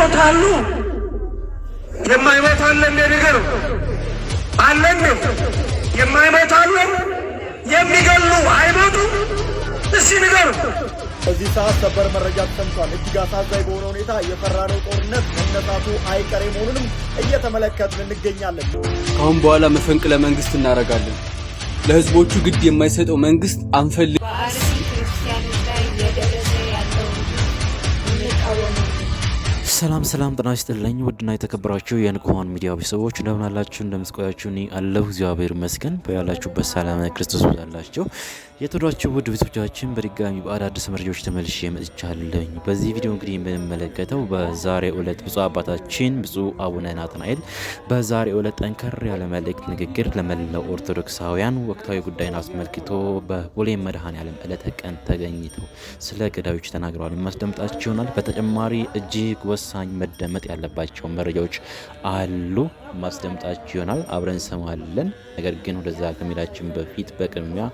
ሞት አሉ የማይሞት አለ እንዴ? ነገር አለ እንዴ? የማይሞት አሉ የሚገሉ አይሞቱ እሺ ነገር በዚህ ሰዓት ሰበር መረጃ ተሰምቷል። እጅግ አሳዛኝ በሆነ ሁኔታ የፈራነው ጦርነት መነሳቱ አይቀሬ መሆኑንም እየተመለከትን እንገኛለን። ከአሁን በኋላ መፈንቅለ መንግስት እናደርጋለን። ለህዝቦቹ ግድ የማይሰጠው መንግስት አንፈልግ ሰላም ሰላም ጤና ይስጥልኝ ውድና የተከበራችሁ የንቁሆን ሚዲያ ቤተሰቦች እንደምን አላችሁ? እንደምትቆያችሁ? እኔ አለሁ እግዚአብሔር ይመስገን። በያላችሁበት ሰላም ክርስቶስ ብዛላችሁ። የተወዷቸው ውድ ቤቶቻችን በድጋሚ በአዳዲስ መረጃዎች ተመልሼ መጥቻለሁኝ። በዚህ ቪዲዮ እንግዲህ የምንመለከተው በዛሬው ዕለት ብፁዕ አባታችን ብፁዕ አቡነ ናትናኤል በዛሬው ዕለት ጠንከር ያለ መልእክት ንግግር ለመላው ኦርቶዶክሳውያን ወቅታዊ ጉዳይን አስመልክቶ በቦሌ መድኃኔዓለም ዕለተ ቀን ተገኝተው ስለ ገዳዮች ተናግረዋል። የማስደምጣችሁ ይሆናል። በተጨማሪ እጅግ ወሳኝ መደመጥ ያለባቸው መረጃዎች አሉ። ማስደምጣችሁ ይሆናል። አብረን እንሰማለን። ነገር ግን ወደዛ ከሚላችን በፊት በቅድሚያ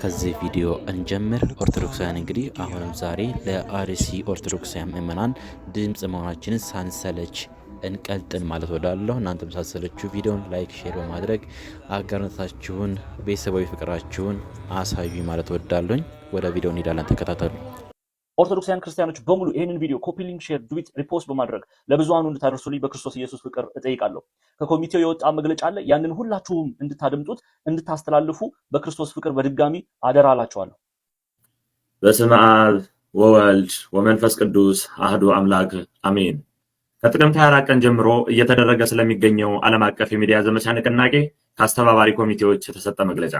ከዚህ በዚህ ቪዲዮ እንጀምር። ኦርቶዶክሳውያን እንግዲህ አሁንም ዛሬ ለአርሲ ኦርቶዶክሳውያን ምእመናን ድምፅ መሆናችንን ሳንሰለች እንቀልጥን ማለት ወዳለሁ። እናንተም ሳሰለችሁ ቪዲዮን ላይክ፣ ሼር በማድረግ አጋርነታችሁን ቤተሰባዊ ፍቅራችሁን አሳዩ ማለት ወዳለሁኝ። ወደ ቪዲዮ እንሄዳለን፣ ተከታተሉ። ኦርቶዶክሳውያን ክርስቲያኖች በሙሉ ይህንን ቪዲዮ ኮፒ ሊንክ፣ ሼር፣ ዱዊት፣ ሪፖስት በማድረግ ለብዙሃኑ እንድታደርሱልኝ በክርስቶስ ኢየሱስ ፍቅር እጠይቃለሁ። ከኮሚቴው የወጣ መግለጫ አለ። ያንን ሁላችሁም እንድታደምጡት እንድታስተላልፉ በክርስቶስ ፍቅር በድጋሚ አደራ አላችኋለሁ። በስመ አብ ወወልድ ወመንፈስ ቅዱስ አህዱ አምላክ አሜን። ከጥቅምት 24 ቀን ጀምሮ እየተደረገ ስለሚገኘው ዓለም አቀፍ የሚዲያ ዘመቻ ንቅናቄ ከአስተባባሪ ኮሚቴዎች የተሰጠ መግለጫ።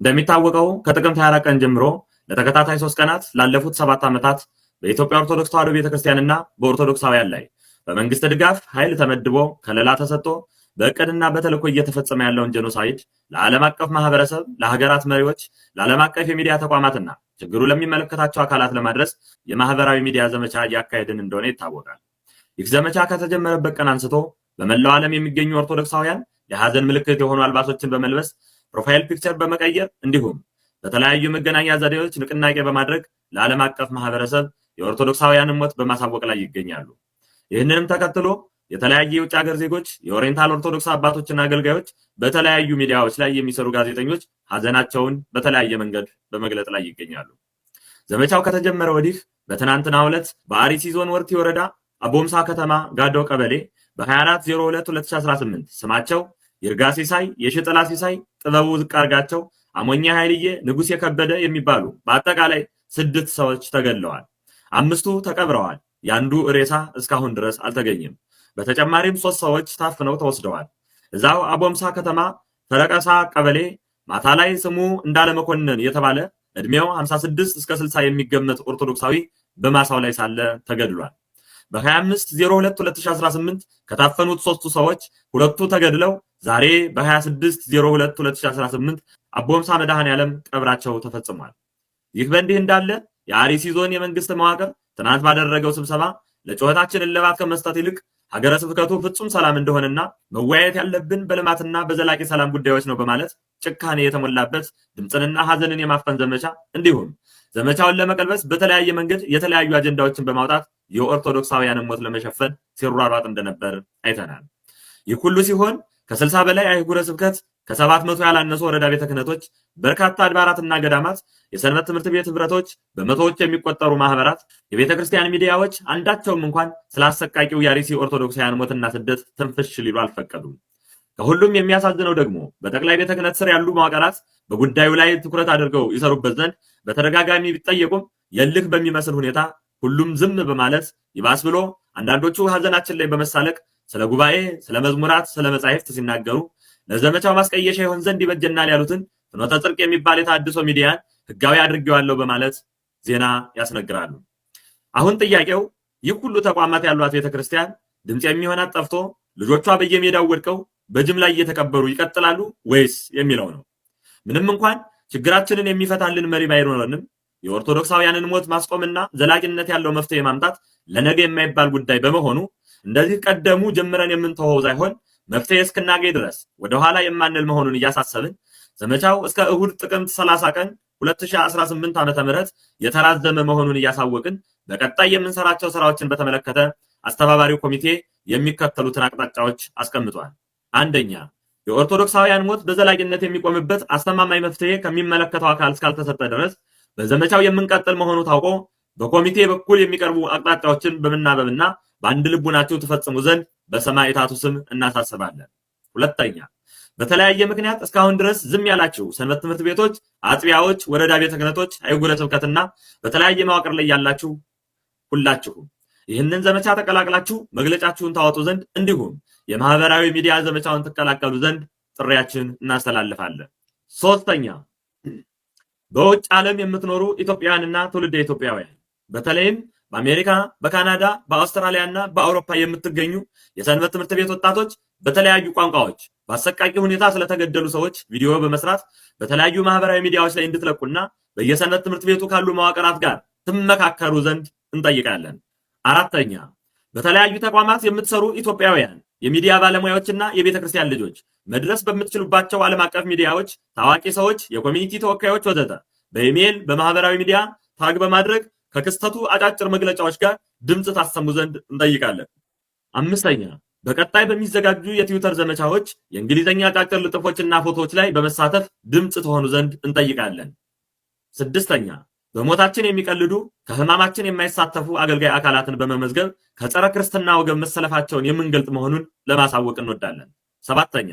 እንደሚታወቀው ከጥቅምት 24 ቀን ጀምሮ ለተከታታይ ሶስት ቀናት ላለፉት ሰባት ዓመታት በኢትዮጵያ ኦርቶዶክስ ተዋሕዶ ቤተክርስቲያንና በኦርቶዶክሳውያን ላይ በመንግስት ድጋፍ ኃይል ተመድቦ ከለላ ተሰጥቶ በእቅድና በተልእኮ እየተፈጸመ ያለውን ጀኖሳይድ ለዓለም አቀፍ ማህበረሰብ፣ ለሀገራት መሪዎች፣ ለዓለም አቀፍ የሚዲያ ተቋማትና ችግሩ ለሚመለከታቸው አካላት ለማድረስ የማህበራዊ ሚዲያ ዘመቻ እያካሄድን እንደሆነ ይታወቃል። ይህ ዘመቻ ከተጀመረበት ቀን አንስቶ በመላው ዓለም የሚገኙ ኦርቶዶክሳውያን የሀዘን ምልክት የሆኑ አልባሶችን በመልበስ ፕሮፋይል ፒክቸር በመቀየር እንዲሁም በተለያዩ የመገናኛ ዘዴዎች ንቅናቄ በማድረግ ለዓለም አቀፍ ማህበረሰብ የኦርቶዶክሳውያንን ሞት በማሳወቅ ላይ ይገኛሉ። ይህንንም ተከትሎ የተለያየ የውጭ ሀገር ዜጎች፣ የኦሪየንታል ኦርቶዶክስ አባቶችና አገልጋዮች፣ በተለያዩ ሚዲያዎች ላይ የሚሰሩ ጋዜጠኞች ሀዘናቸውን በተለያየ መንገድ በመግለጥ ላይ ይገኛሉ። ዘመቻው ከተጀመረ ወዲህ በትናንትናው ዕለት በአርሲ ዞን ወርቲ ወረዳ አቦምሳ ከተማ ጋዶ ቀበሌ በ2402 2018 ስማቸው ይርጋ ሲሳይ፣ የሽጥላ ሲሳይ፣ ጥበቡ ዝቃርጋቸው አሞኛ ኃይልዬ፣ ንጉሴ ከበደ የሚባሉ በአጠቃላይ ስድስት ሰዎች ተገድለዋል። አምስቱ ተቀብረዋል። የአንዱ ሬሳ እስካሁን ድረስ አልተገኘም። በተጨማሪም ሶስት ሰዎች ታፍነው ተወስደዋል። እዛው አቦምሳ ከተማ ፈረቀሳ ቀበሌ ማታ ላይ ስሙ እንዳለመኮንን የተባለ እድሜው 56 እስከ 60 የሚገመት ኦርቶዶክሳዊ በማሳው ላይ ሳለ ተገድሏል። በ25 02 2018 ከታፈኑት ሶስቱ ሰዎች ሁለቱ ተገድለው ዛሬ በ26/02/2018 አቦምሳ መድኃኔዓለም ቀብራቸው ተፈጽሟል። ይህ በእንዲህ እንዳለ የአርሲ ዞን የመንግስት መዋቅር ትናንት ባደረገው ስብሰባ ለጩኸታችን እልባት ከመስጠት ይልቅ ሀገረ ስብከቱ ፍጹም ሰላም እንደሆነና መወያየት ያለብን በልማትና በዘላቂ ሰላም ጉዳዮች ነው በማለት ጭካኔ የተሞላበት ድምፅንና ሀዘንን የማፈን ዘመቻ እንዲሁም ዘመቻውን ለመቀልበስ በተለያየ መንገድ የተለያዩ አጀንዳዎችን በማውጣት የኦርቶዶክሳውያንን ሞት ለመሸፈን ሲሯሯጥ እንደነበር አይተናል። ይህ ሁሉ ሲሆን ከ60 በላይ አህጉረ ስብከት ከሰባት መቶ ያላነሱ ወረዳ ቤተ ክህነቶች፣ በርካታ አድባራትና ገዳማት፣ የሰንበት ትምህርት ቤት ህብረቶች፣ በመቶዎች የሚቆጠሩ ማህበራት፣ የቤተ ክርስቲያን ሚዲያዎች አንዳቸውም እንኳን ስለ አሰቃቂው የአርሲ ኦርቶዶክሳውያን ሞትና ስደት ትንፍሽ ሊሉ አልፈቀዱም። ከሁሉም የሚያሳዝነው ደግሞ በጠቅላይ ቤተ ክህነት ስር ያሉ መዋቅራት በጉዳዩ ላይ ትኩረት አድርገው ይሰሩበት ዘንድ በተደጋጋሚ ቢጠየቁም የልክ በሚመስል ሁኔታ ሁሉም ዝም በማለት ይባስ ብሎ አንዳንዶቹ ሀዘናችን ላይ በመሳለቅ ስለ ጉባኤ፣ ስለ መዝሙራት፣ ስለ መጻሕፍት ሲናገሩ ለዘመቻው ማስቀየሻ ይሆን ዘንድ ይበጀናል ያሉትን ፍኖተ ጽድቅ የሚባል የታድሶ ሚዲያን ህጋዊ አድርጌዋለሁ በማለት ዜና ያስነግራሉ። አሁን ጥያቄው ይህ ሁሉ ተቋማት ያሏት ቤተክርስቲያን ድምፅ የሚሆናት ጠፍቶ ልጆቿ በየሜዳው ወድቀው በጅምላ እየተቀበሩ ይቀጥላሉ ወይስ የሚለው ነው። ምንም እንኳን ችግራችንን የሚፈታልን መሪ ባይኖረንም የኦርቶዶክሳውያንን ሞት ማስቆምና ዘላቂነት ያለው መፍትሄ ማምጣት ለነገ የማይባል ጉዳይ በመሆኑ እንደዚህ ቀደሙ ጀምረን የምንተወው ሳይሆን መፍትሄ እስክናገኝ ድረስ ወደኋላ የማንል መሆኑን እያሳሰብን ዘመቻው እስከ እሁድ ጥቅምት 30 ቀን 2018 ዓመተ ምህረት የተራዘመ መሆኑን እያሳወቅን በቀጣይ የምንሰራቸው ስራዎችን በተመለከተ አስተባባሪው ኮሚቴ የሚከተሉትን አቅጣጫዎች አስቀምጧል። አንደኛ፣ የኦርቶዶክሳውያን ሞት በዘላቂነት የሚቆምበት አስተማማኝ መፍትሄ ከሚመለከተው አካል እስካልተሰጠ ድረስ በዘመቻው የምንቀጥል መሆኑ ታውቆ በኮሚቴ በኩል የሚቀርቡ አቅጣጫዎችን በመናበብና በአንድ ልቡናችሁ ትፈጽሙ ዘንድ በሰማዕታቱ ስም እናሳስባለን። ሁለተኛ በተለያየ ምክንያት እስካሁን ድረስ ዝም ያላችሁ ሰንበት ትምህርት ቤቶች፣ አጥቢያዎች፣ ወረዳ ቤተ ክህነቶች፣ አህጉረ ስብከትና በተለያየ መዋቅር ላይ ያላችሁ ሁላችሁም ይህንን ዘመቻ ተቀላቅላችሁ መግለጫችሁን ታወጡ ዘንድ እንዲሁም የማህበራዊ ሚዲያ ዘመቻውን ትቀላቀሉ ዘንድ ጥሪያችን እናስተላልፋለን። ሶስተኛ በውጭ ዓለም የምትኖሩ ኢትዮጵያውያንና ትውልደ ኢትዮጵያውያን በተለይም በአሜሪካ፣ በካናዳ፣ በአውስትራሊያ እና በአውሮፓ የምትገኙ የሰንበት ትምህርት ቤት ወጣቶች በተለያዩ ቋንቋዎች በአሰቃቂ ሁኔታ ስለተገደሉ ሰዎች ቪዲዮ በመስራት በተለያዩ ማህበራዊ ሚዲያዎች ላይ እንድትለቁና በየሰንበት ትምህርት ቤቱ ካሉ መዋቅራት ጋር ትመካከሩ ዘንድ እንጠይቃለን። አራተኛ በተለያዩ ተቋማት የምትሰሩ ኢትዮጵያውያን የሚዲያ ባለሙያዎችና የቤተ ክርስቲያን ልጆች መድረስ በምትችሉባቸው ዓለም አቀፍ ሚዲያዎች፣ ታዋቂ ሰዎች፣ የኮሚኒቲ ተወካዮች ወዘተ በኢሜይል በማህበራዊ ሚዲያ ታግ በማድረግ ከክስተቱ አጫጭር መግለጫዎች ጋር ድምፅ ታሰሙ ዘንድ እንጠይቃለን። አምስተኛ በቀጣይ በሚዘጋጁ የትዊተር ዘመቻዎች የእንግሊዝኛ አጫጭር ልጥፎችና ፎቶዎች ላይ በመሳተፍ ድምፅ ተሆኑ ዘንድ እንጠይቃለን። ስድስተኛ በሞታችን የሚቀልዱ ከህማማችን የማይሳተፉ አገልጋይ አካላትን በመመዝገብ ከጸረ ክርስትና ወገብ መሰለፋቸውን የምንገልጥ መሆኑን ለማሳወቅ እንወዳለን። ሰባተኛ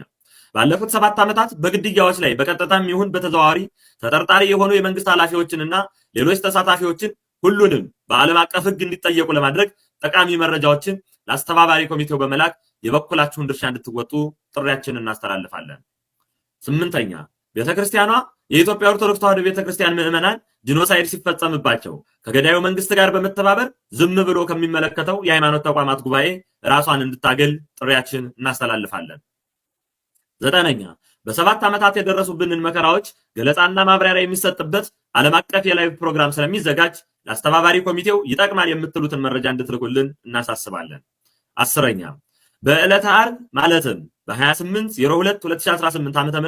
ባለፉት ሰባት ዓመታት በግድያዎች ላይ በቀጥታም ይሁን በተዘዋዋሪ ተጠርጣሪ የሆኑ የመንግስት ኃላፊዎችንና ሌሎች ተሳታፊዎችን ሁሉንም በዓለም አቀፍ ሕግ እንዲጠየቁ ለማድረግ ጠቃሚ መረጃዎችን ለአስተባባሪ ኮሚቴው በመላክ የበኩላችሁን ድርሻ እንድትወጡ ጥሪያችንን እናስተላልፋለን። ስምንተኛ ቤተክርስቲያኗ የኢትዮጵያ ኦርቶዶክስ ተዋሕዶ ቤተክርስቲያን ምዕመናን ጂኖሳይድ ሲፈጸምባቸው ከገዳዩ መንግስት ጋር በመተባበር ዝም ብሎ ከሚመለከተው የሃይማኖት ተቋማት ጉባኤ ራሷን እንድታገል ጥሪያችን እናስተላልፋለን። ዘጠነኛ በሰባት ዓመታት የደረሱብንን መከራዎች ገለጻና ማብራሪያ የሚሰጥበት ዓለም አቀፍ የላይቭ ፕሮግራም ስለሚዘጋጅ ለአስተባባሪ ኮሚቴው ይጠቅማል የምትሉትን መረጃ እንድትልኩልን እናሳስባለን። አስረኛ በዕለተ ዓርብ ማለትም በ28 02 2018 ዓ ም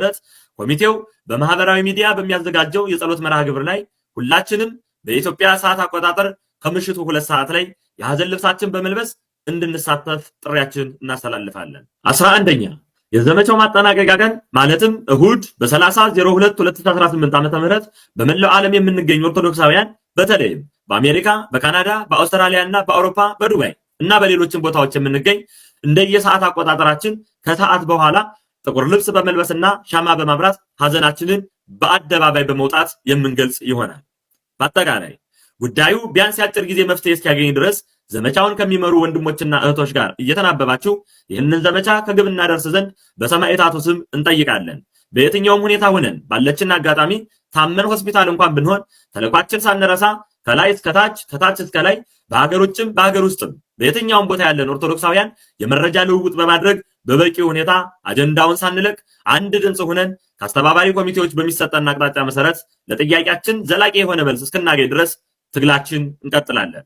ኮሚቴው በማህበራዊ ሚዲያ በሚያዘጋጀው የጸሎት መርሃ ግብር ላይ ሁላችንም በኢትዮጵያ ሰዓት አቆጣጠር ከምሽቱ ሁለት ሰዓት ላይ የሐዘን ልብሳችን በመልበስ እንድንሳተፍ ጥሪያችን እናስተላልፋለን። አስራ አንደኛ የዘመቻው ማጠናቀቂያ ቀን ማለትም እሁድ በ30 02 2018 ዓ ም በመላው ዓለም የምንገኙ ኦርቶዶክሳውያን በተለይም በአሜሪካ፣ በካናዳ፣ በአውስትራሊያ እና በአውሮፓ፣ በዱባይ እና በሌሎችም ቦታዎች የምንገኝ እንደየሰዓት አቆጣጠራችን ከሰዓት በኋላ ጥቁር ልብስ በመልበስና ሻማ በማብራት ሀዘናችንን በአደባባይ በመውጣት የምንገልጽ ይሆናል። በአጠቃላይ ጉዳዩ ቢያንስ የአጭር ጊዜ መፍትሄ እስኪያገኝ ድረስ ዘመቻውን ከሚመሩ ወንድሞችና እህቶች ጋር እየተናበባችሁ ይህንን ዘመቻ ከግብ እናደርስ ዘንድ በሰማዕታቱ ስም እንጠይቃለን። በየትኛውም ሁኔታ ሆነን ባለችን አጋጣሚ ታመን ሆስፒታል እንኳን ብንሆን ተልኳችን ሳንረሳ ከላይ ታች ከታች እስከ ላይ በሀገር ውጭም በሀገር ውስጥም በየትኛውም ቦታ ያለን ኦርቶዶክሳውያን የመረጃ ልውውጥ በማድረግ በበቂ ሁኔታ አጀንዳውን ሳንለቅ አንድ ድምፅ ሆነን ከአስተባባሪ ኮሚቴዎች በሚሰጠን አቅጣጫ መሰረት ለጥያቄያችን ዘላቂ የሆነ መልስ እስክናገኝ ድረስ ትግላችን እንቀጥላለን።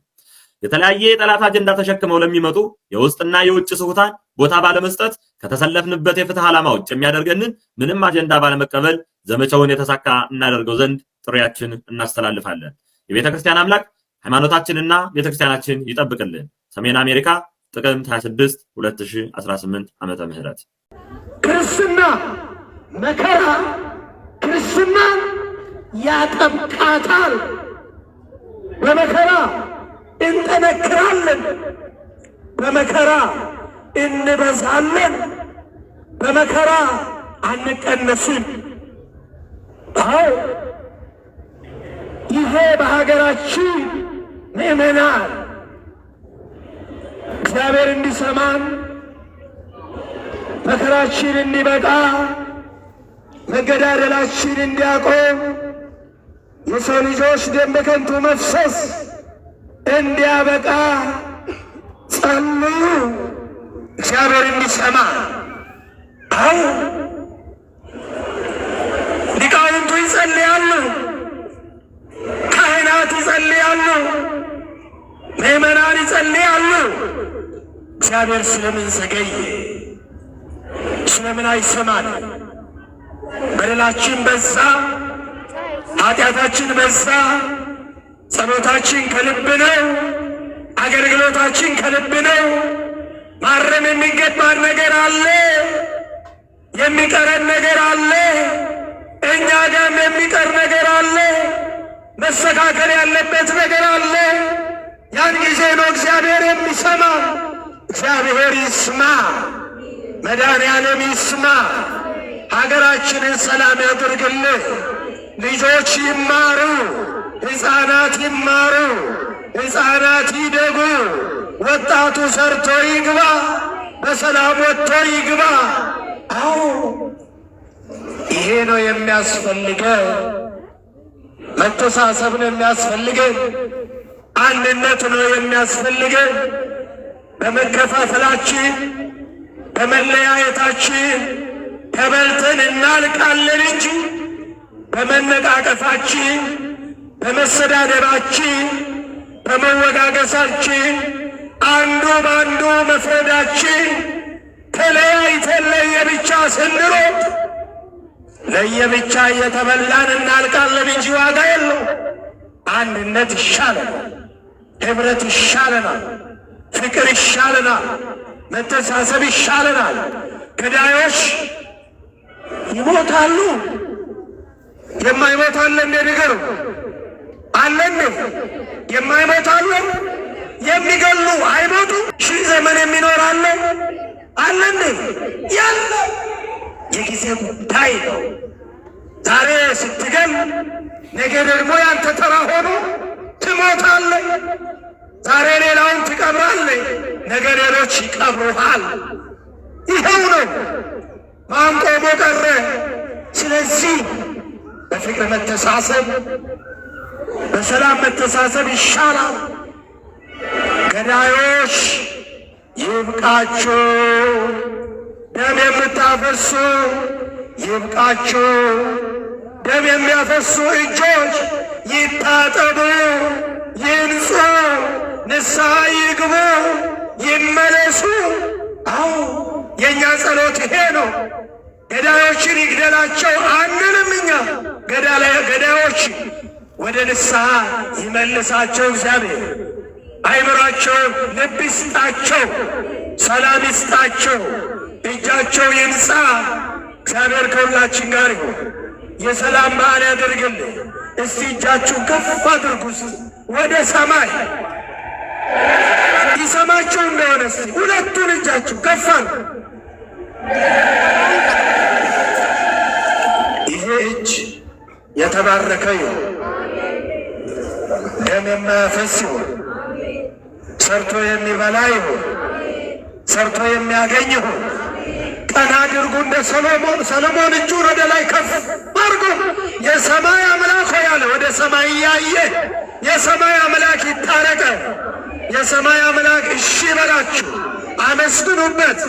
የተለያየ የጠላት አጀንዳ ተሸክመው ለሚመጡ የውስጥና የውጭ ስሁታን ቦታ ባለመስጠት ከተሰለፍንበት የፍትህ ዓላማ ውጭ የሚያደርገንን ምንም አጀንዳ ባለመቀበል ዘመቻውን የተሳካ እናደርገው ዘንድ ጥሪያችን እናስተላልፋለን። የቤተ ክርስቲያን አምላክ ሃይማኖታችንና ቤተ ክርስቲያናችን ይጠብቅልን። ሰሜን አሜሪካ ጥቅምት 26 2018 ዓመተ ምህረት ክርስትና መከራ ክርስትናን ያጠብቃታል በመከራ እንጠነክራለን፣ በመከራ እንበዛለን፣ በመከራ አንቀነስም። አዎ ይሄ በሀገራችን ምእመናን እግዚአብሔር እንዲሰማን መከራችን እንዲበቃ መገዳደላችን እንዲያቆም የሰው ልጆች ደም በከንቱ መፍሰስ እንዲያበቃ ጸልዩ፣ እግዚአብሔር እንዲሰማ። አይ ሊቃውንቱ ይጸልያሉ፣ ካህናት ይጸልያሉ፣ ምእመናን ይጸልያሉ። እግዚአብሔር ስለምን ዘገየ? ስለምን አይሰማል? በደላችን በዛ፣ ኃጢአታችን በዛ ጸሎታችን ከልብ ነው። አገልግሎታችን ከልብ ነው። ማረም የሚገባን ነገር አለ። የሚቀረን ነገር አለ። እኛ ጋም የሚቀር ነገር አለ። መስተካከል ያለበት ነገር አለ። ያን ጊዜ ነው እግዚአብሔር የሚሰማ። እግዚአብሔር ይስማ፣ መድኃኔ ዓለም ይስማ፣ ሀገራችንን ሰላም ያድርግልህ። ልጆች ይማሩ። ሕፃናት ይማሩ፣ ሕፃናት ይደጉ፣ ወጣቱ ሰርቶ ይግባ፣ በሰላም ወጥቶ ይግባ። አዎ ይሄ ነው የሚያስፈልገ መተሳሰብ ነው የሚያስፈልገን። አንድነት ነው የሚያስፈልገን። በመከፋፈላችን በመለያየታችን ተበልተን እናልቃለን እንጂ በመነቃቀፋችን በመሰዳደባችን በመወጋገሳችን አንዱ በአንዱ መፍረዳችን ተለያይተን ለየብቻ ስንሮጥ ለየብቻ እየተበላን እናልቃለን እንጂ ዋጋ የለው። አንድነት ይሻለናል፣ ኅብረት ይሻለናል፣ ፍቅር ይሻለናል፣ መተሳሰብ ይሻለናል። ከዳዮች ይሞታሉ፣ የማይሞት እንደ አለን የማይሞት አለ? የሚገሉ አይሞቱ ሺ ዘመን የሚኖር አለን አለን ያለ የጊዜ ጉዳይ ነው። ዛሬ ስትገል ነገ ደግሞ ያንተ ተራ ሆኖ ትሞታለ። ዛሬ ሌላውን ትቀብራለ ነገ ሌሎች ይቀብሩሃል። ይኸው ነው ማን ቆሞ ቀረ? ስለዚህ በፍቅር መተሳሰብ በሰላም መተሳሰብ ይሻላል። ገዳዮች ይብቃችሁ፣ ደም የምታፈሱ ይብቃችሁ። ደም የሚያፈሱ እጆች ይታጠቡ፣ ይንጹ፣ ንስሐ ይግቡ፣ ይመለሱ። አዎ የእኛ ጸሎት ይሄ ነው። ገዳዮችን ይግደላቸው አንልም እኛ ገዳዮች ወደ ንስሐ ይመልሳቸው እግዚአብሔር። አይምሯቸው ልብ ይስጣቸው፣ ሰላም ይስጣቸው፣ እጃቸው ይንጻ። እግዚአብሔር ከሁላችን ጋር ይሁን። የሰላም በዓል ያደርግልን። እስቲ እጃችሁ ከፍ አድርጉ ወደ ሰማይ ይሰማቸው እንደሆነ እስቲ ሁለቱን እጃችሁ ከፍ ይሄ እጅ የተባረከ ይሁን። ደም የማያፈስ ይሁን፣ ሰርቶ የሚበላ ይሁን፣ ሰርቶ የሚያገኝ ይሁን። ቀና አድርጉ እንደ ሰሎሞን። ሰሎሞን እጁን ወደ ላይ ከፍ አድርጎ የሰማይ አምላክ ሆይ አለ። ወደ ሰማይ እያየ የሰማይ አምላክ ይታረቀ። የሰማይ አምላክ እሺ በላችሁ፣ አመስግኑበት።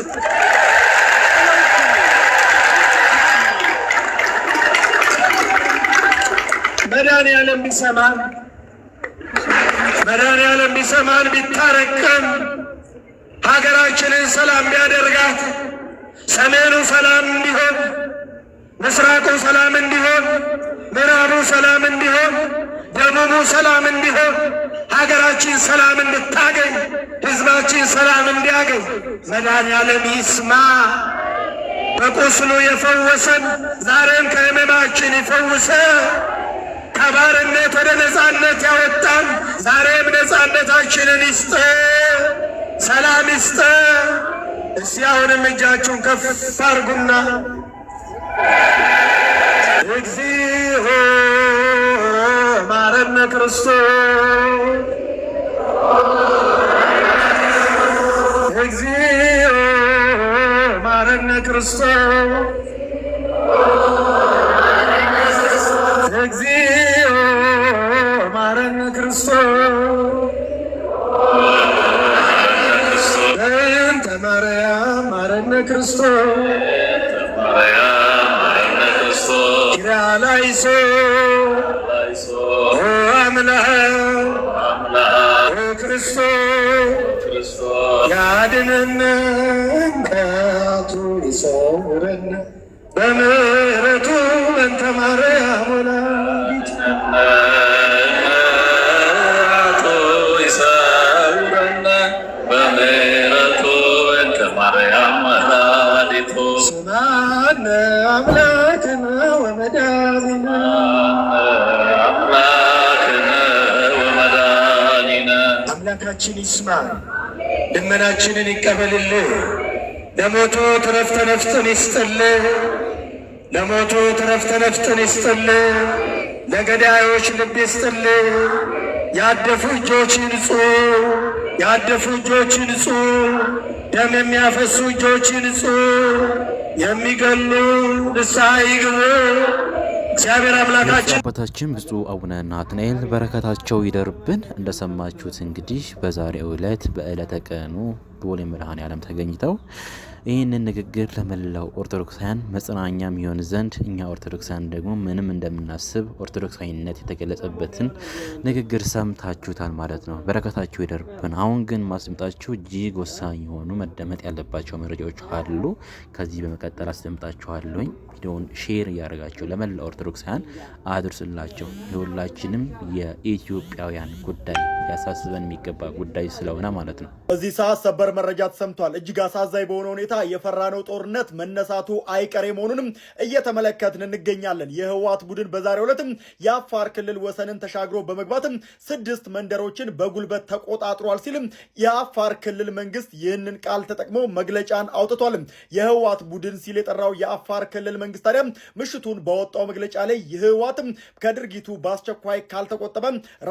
መድኃኔዓለም የሚሰማን መድኃኔዓለም ቢሰማን ቢታረቀን ሀገራችንን ሰላም ቢያደርጋት ሰሜኑ ሰላም እንዲሆን፣ ምስራቁ ሰላም እንዲሆን፣ ምዕራቡ ሰላም እንዲሆን፣ ደቡቡ ሰላም እንዲሆን፣ ሀገራችን ሰላም እንድታገኝ፣ ሕዝባችን ሰላም እንዲያገኝ መድኃኔዓለም ይስማ። በቁስሉ የፈወሰን ዛሬም ከሕመማችን ይፈውሰ ከባርነት ወደ ነፃነት ያወጣን ዛሬም ነፃነታችንን ይስጠ፣ ሰላም ይስጠ። እስቲ አሁንም እጃችሁን ከፍ አድርጉና እግዚኦ ማረነ ክርስቶስ፣ እግዚኦ ማረነ ክርስቶስ ክርስቶስ ኪርያላይሶ ኦ ክርስቶስ ያድነን ከኃጢአቱ ይሰውረን በምሕረቱ እንተ ማርያም አምላክነ ወመዳኒነ አምላካችን ይስማ፣ ልመናችንን ይቀበልልህ። ለሞቶ ትረፍተ ነፍጥን ይስጥልህ። ለሞቶ ትረፍተ ነፍጥን ይስጥልህ። ለገዳዮች ልብ ይስጥልህ። ያደፉ እጆችን ንጹ ያደፉ እጆች ንጹ ደም የሚያፈሱ እጆች ንጹ የሚገሉ ንስሐ ይግቡ። እግዚአብሔር አምላካችን አባታችን ብፁዕ አቡነ ናትናኤል በረከታቸው ይደርብን። እንደሰማችሁት እንግዲህ በዛሬው ዕለት በዕለተ ቀኑ ቦሌ መድኃኔ ዓለም ተገኝተው ይህንን ንግግር ለመላው ኦርቶዶክሳውያን መጽናኛ የሚሆን ዘንድ እኛ ኦርቶዶክሳውያን ደግሞ ምንም እንደምናስብ ኦርቶዶክሳዊነት የተገለጸበትን ንግግር ሰምታችሁታል ማለት ነው። በረከታችሁ ይደርብን። አሁን ግን ማስደምጣችሁ እጅግ ወሳኝ የሆኑ መደመጥ ያለባቸው መረጃዎች አሉ። ከዚህ በመቀጠል አስደምጣችኋለሁኝ። ቪዲዮውን ሼር እያደረጋቸው ለመላው ኦርቶዶክሳውያን አድርስላቸው። የሁላችንም የኢትዮጵያውያን ጉዳይ ያሳስበን የሚገባ ጉዳይ ስለሆነ ማለት ነው። በዚህ ሰዓት ሰበር መረጃ ተሰምቷል። እጅግ አሳዛኝ በሆነ ሁኔታ የፈራነው ጦርነት መነሳቱ አይቀሬ መሆኑንም እየተመለከትን እንገኛለን። የህወሓት ቡድን በዛሬው ዕለትም የአፋር ክልል ወሰንን ተሻግሮ በመግባትም ስድስት መንደሮችን በጉልበት ተቆጣጥሯል ሲልም የአፋር ክልል መንግስት ይህንን ቃል ተጠቅሞ መግለጫን አውጥቷል። የህወሓት ቡድን ሲል የጠራው የአፋር ክልል መንግስት ታዲያ ምሽቱን በወጣው መግለጫ ላይ ህወሓትም ከድርጊቱ በአስቸኳይ ካልተቆጠበ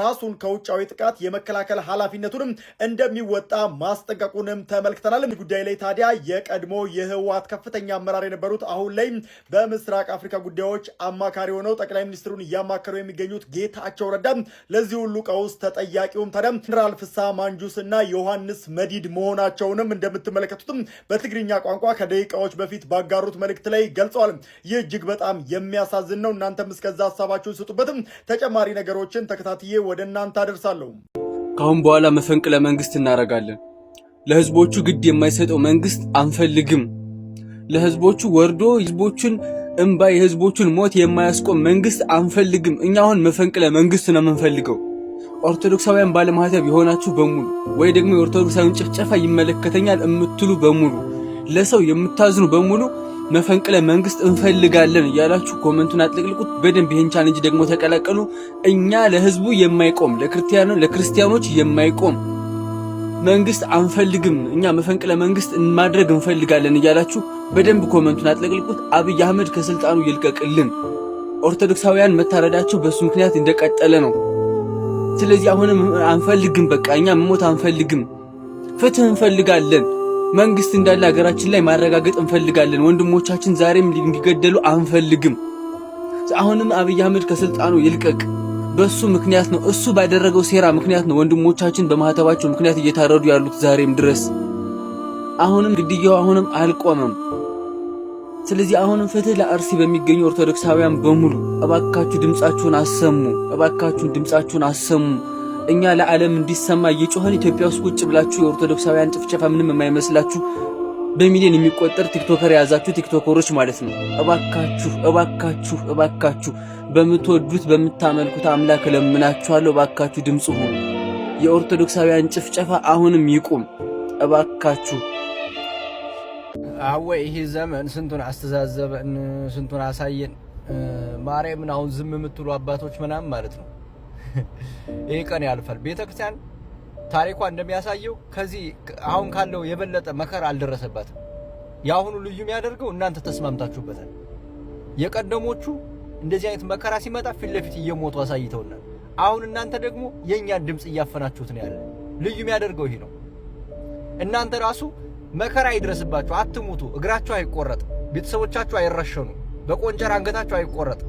ራሱን ከውጫዊ ጥቃት የመከላከል ኃላፊነቱንም እንደሚወጣ ማስጠንቀቁንም ተመልክተናል። ጉዳይ ላይ ታዲያ የቀ ቀድሞ የህወሓት ከፍተኛ አመራር የነበሩት አሁን ላይ በምስራቅ አፍሪካ ጉዳዮች አማካሪ ሆነው ጠቅላይ ሚኒስትሩን እያማከሩ የሚገኙት ጌታቸው ረዳ ለዚህ ሁሉ ቀውስ ተጠያቂውም ታዲያ ጀነራል ፍሳ ማንጁስ እና ዮሐንስ መዲድ መሆናቸውንም እንደምትመለከቱትም በትግርኛ ቋንቋ ከደቂቃዎች በፊት ባጋሩት መልእክት ላይ ገልጸዋል። ይህ እጅግ በጣም የሚያሳዝን ነው። እናንተም እስከዛ ሀሳባችሁን ስጡበትም። ተጨማሪ ነገሮችን ተከታትዬ ወደ እናንተ አደርሳለሁ። ከአሁን በኋላ መፈንቅለ መንግስት እናደርጋለን። ለህዝቦቹ ግድ የማይሰጠው መንግስት አንፈልግም። ለህዝቦቹ ወርዶ ህዝቦቹን እምባ የህዝቦቹን ሞት የማያስቆም መንግስት አንፈልግም። እኛ አሁን መፈንቅለ መንግስት ነው የምንፈልገው። ኦርቶዶክሳውያን ባለማህተብ የሆናችሁ በሙሉ ወይ ደግሞ የኦርቶዶክሳውያን ጭፍጨፋ ይመለከተኛል የምትሉ በሙሉ ለሰው የምታዝኑ በሙሉ መፈንቅለ መንግስት እንፈልጋለን እያላችሁ ኮመንቱን አጥልቅልቁት። በደንብ ይህን ቻሌንጅ ደግሞ ተቀላቀሉ። እኛ ለህዝቡ የማይቆም ለክርስቲያኖች የማይቆም መንግስት አንፈልግም እኛ መፈንቅለ መንግስት ማድረግ እንፈልጋለን እያላችሁ በደንብ ኮመንቱን አጥለቅልቁት። አብይ አህመድ ከስልጣኑ ይልቀቅልን። ኦርቶዶክሳውያን መታረዳቸው በሱ ምክንያት እንደቀጠለ ነው። ስለዚህ አሁንም አንፈልግም፣ በቃ እኛ መሞት አንፈልግም፣ ፍትህ እንፈልጋለን። መንግስት እንዳለ ሀገራችን ላይ ማረጋገጥ እንፈልጋለን። ወንድሞቻችን ዛሬም እንዲገደሉ አንፈልግም። አሁንም አብይ አህመድ ከስልጣኑ ይልቀቅ። በሱ ምክንያት ነው፣ እሱ ባደረገው ሴራ ምክንያት ነው ወንድሞቻችን በማህተባቸው ምክንያት እየታረዱ ያሉት ዛሬም ድረስ። አሁንም ግድያው አሁንም አልቆመም። ስለዚህ አሁንም ፍትህ ለአርሲ በሚገኙ ኦርቶዶክሳውያን በሙሉ እባካችሁ ድምፃችሁን አሰሙ፣ እባካችሁን ድምፃችሁን አሰሙ። እኛ ለዓለም እንዲሰማ እየጮኸን ኢትዮጵያ ውስጥ ቁጭ ብላችሁ የኦርቶዶክሳውያን ጭፍጨፋ ምንም የማይመስላችሁ በሚሊዮን የሚቆጠር ቲክቶከር የያዛችሁ ቲክቶከሮች ማለት ነው። እባካችሁ እባካችሁ እባካችሁ በምትወዱት በምታመልኩት አምላክ እለምናችኋለሁ። እባካችሁ ድምፅ ሁኑ። የኦርቶዶክሳውያን ጭፍጨፋ አሁንም ይቁም። እባካችሁ አወ ይሄ ዘመን ስንቱን አስተዛዘበን፣ ስንቱን አሳየን። ማርያምን አሁን ዝም የምትሉ አባቶች ምናምን ማለት ነው። ይሄ ቀን ያልፋል ቤተክርስቲያን ታሪኳ እንደሚያሳየው ከዚህ አሁን ካለው የበለጠ መከራ አልደረሰባትም። የአሁኑ ልዩ የሚያደርገው እናንተ ተስማምታችሁበታል። የቀደሞቹ እንደዚህ አይነት መከራ ሲመጣ ፊት ለፊት እየሞቱ አሳይተውናል። አሁን እናንተ ደግሞ የእኛን ድምፅ እያፈናችሁት ነው ያለ። ልዩ የሚያደርገው ይሄ ነው። እናንተ ራሱ መከራ ይድረስባችሁ፣ አትሙቱ፣ እግራችሁ አይቆረጥ፣ ቤተሰቦቻችሁ አይረሸኑ፣ በቆንጨር አንገታችሁ አይቆረጥ።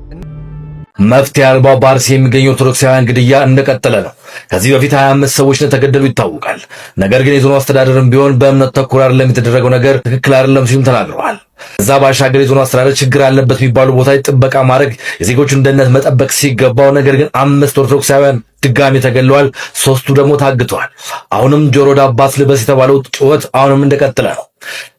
መፍትሄ አልባ በአርሲ የሚገኘው ኦርቶዶክሳውያን ግድያ እንደቀጠለ ነው። ከዚህ በፊት 25 ሰዎች እንደተገደሉ ይታወቃል። ነገር ግን የዞኑ አስተዳደርም ቢሆን በእምነት ተኮር አይደለም የተደረገው ነገር ትክክል አይደለም ሲሉም ተናግረዋል። እዛ ባሻገር የዞኑ አስተዳደር ችግር አለበት የሚባሉ ቦታ ጥበቃ ማድረግ፣ የዜጎቹን ደህንነት መጠበቅ ሲገባው ነገር ግን አምስት ኦርቶዶክሳውያን ድጋሚ ተገለዋል። ሶስቱ ደግሞ ታግተዋል። አሁንም ጆሮ ዳባ ልበስ የተባለው ጩኸት አሁንም እንደቀጠለ ነው።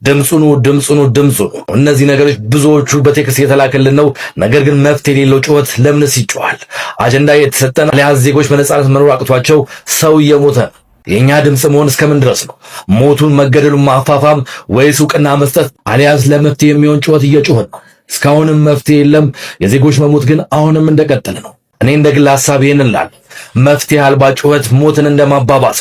ድምፁ ድምፁኑ ድምፁ ነው። እነዚህ ነገሮች ብዙዎቹ በቴክስት የተላከልን ነው። ነገር ግን መፍትሄ የሌለው ጩኸት ለምንስ ይጮሃል? አጀንዳ የተሰጠን አልያዝ ዜጎች በነጻነት መኖር አቅቷቸው ሰው እየሞተ ነው። የእኛ ድምፅ መሆን እስከምን ድረስ ነው? ሞቱን፣ መገደሉን ማፋፋም ወይስ እውቅና መስጠት? አሊያስ ለመፍትሄ የሚሆን ጩኸት እየጮህን ነው። እስካሁንም መፍትሄ የለም። የዜጎች መሞት ግን አሁንም እንደቀጠለ ነው። እኔ እንደ ግል ሀሳብ ይህን እላለሁ። መፍትሄ አልባ ጩኸት ሞትን እንደማባባስ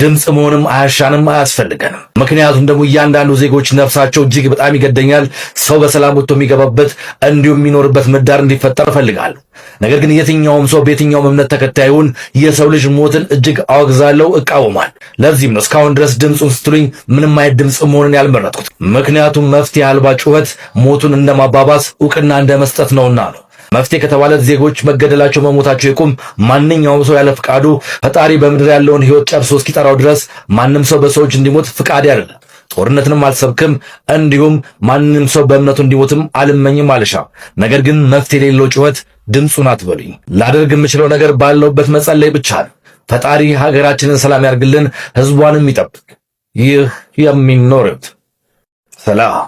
ድምጽ ድምፅ መሆንም አያሻንም አያስፈልገንም። ምክንያቱም ደግሞ እያንዳንዱ ዜጎች ነፍሳቸው እጅግ በጣም ይገደኛል። ሰው በሰላም ወጥቶ የሚገባበት እንዲሁም የሚኖርበት ምህዳር እንዲፈጠር እፈልጋለሁ። ነገር ግን የትኛውም ሰው በየትኛውም እምነት ተከታዩን የሰው ልጅ ሞትን እጅግ አወግዛለሁ፣ እቃወማል። ለዚህም ነው እስካሁን ድረስ ድምፁን ስትሉኝ ምንም አይነት ድምፅ መሆንን ያልመረጥኩት። ምክንያቱም መፍትሄ አልባ ጩኸት ሞቱን እንደማባባስ እውቅና እንደመስጠት ነውና ነው። መፍትሄ ከተባለ ዜጎች መገደላቸው መሞታቸው ይቁም። ማንኛውም ሰው ያለ ፍቃዱ ፈጣሪ በምድር ያለውን ህይወት ጨርሶ እስኪጠራው ድረስ ማንም ሰው በሰዎች እንዲሞት ፍቃድ አይደለም። ጦርነትንም አልሰብክም፣ እንዲሁም ማንም ሰው በእምነቱ እንዲሞትም አልመኝም አልሻ ነገር ግን መፍትሄ የሌለው ጩኸት ድምፁን አትበሉኝ። ላደርግ የምችለው ነገር ባለውበት መጸለይ ብቻ ነው። ፈጣሪ ሀገራችንን ሰላም ያርግልን፣ ህዝቧንም ይጠብቅ። ይህ የሚኖርት ሰላም